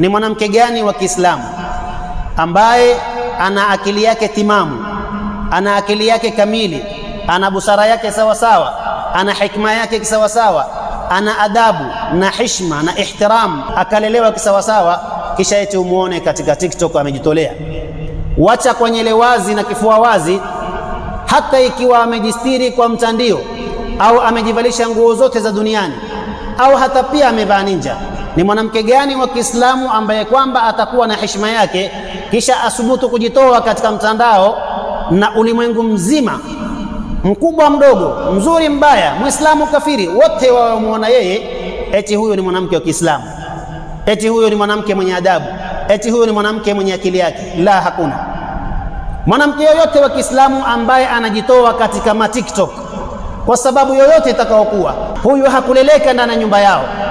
Ni mwanamke gani wa Kiislamu ambaye ana akili yake timamu, ana akili yake kamili, ana busara yake sawasawa, ana hikma yake kisawasawa, ana adabu na hishma na ihtiramu, akalelewa kisawasawa, kisha eti umuone katika TikTok amejitolea. Wacha kwa nyele wazi na kifua wazi, hata ikiwa amejistiri kwa mtandio au amejivalisha nguo zote za duniani au hata pia amevaa ninja ni mwanamke gani wa Kiislamu ambaye kwamba atakuwa na heshima yake kisha asubutu kujitoa katika mtandao na ulimwengu mzima, mkubwa mdogo, mzuri mbaya, Muislamu kafiri, wote wawamwona yeye, eti huyo ni mwanamke wa Kiislamu, eti huyo ni mwanamke mwenye adabu, eti huyo ni mwanamke mwenye akili yake. La, hakuna mwanamke yoyote wa Kiislamu ambaye anajitoa katika matiktok kwa sababu yoyote itakayokuwa, huyu hakuleleka ndani ya nyumba yao